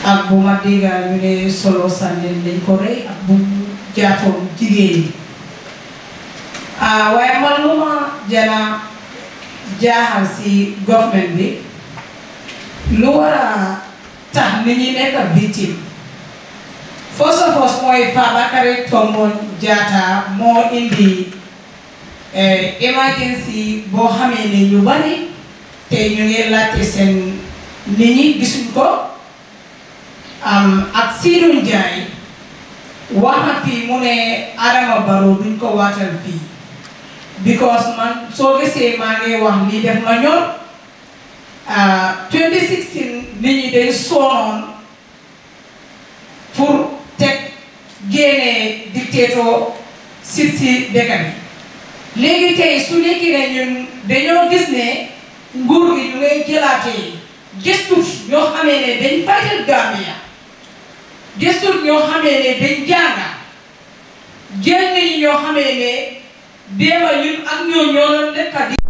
ak bu ma déggaa ñu ne solo sànneen dañ ko rey ak bu jaatoon jigéen ah, waaye man lu ma jana jaaxal si government bi lu war a tax nit ñi nekk victime first of all mooy Fabakary Tombong Jatta moo indi eh, emergency boo xamee ne ñu bari te ñu ngi laajte seen nit ñi gisuñ ko ak Siirul Jaay wax na fii mu ne Adama duñ ko watal fi because man so ge se ngi wax ni def ma ñor 2016 ni ñi day soonoon pour tek gene dictato sirti si dëkk tay su nekkee ne ñun dañu gis ne nguur gi ñu ngay jëlaté gestu yo xamé ne dañ fajal Gambia gisul ñoo xamee ne dañ jaaga jénn ñi ñoo xamee ne déema ñun ak ñoo ñoo doon nekk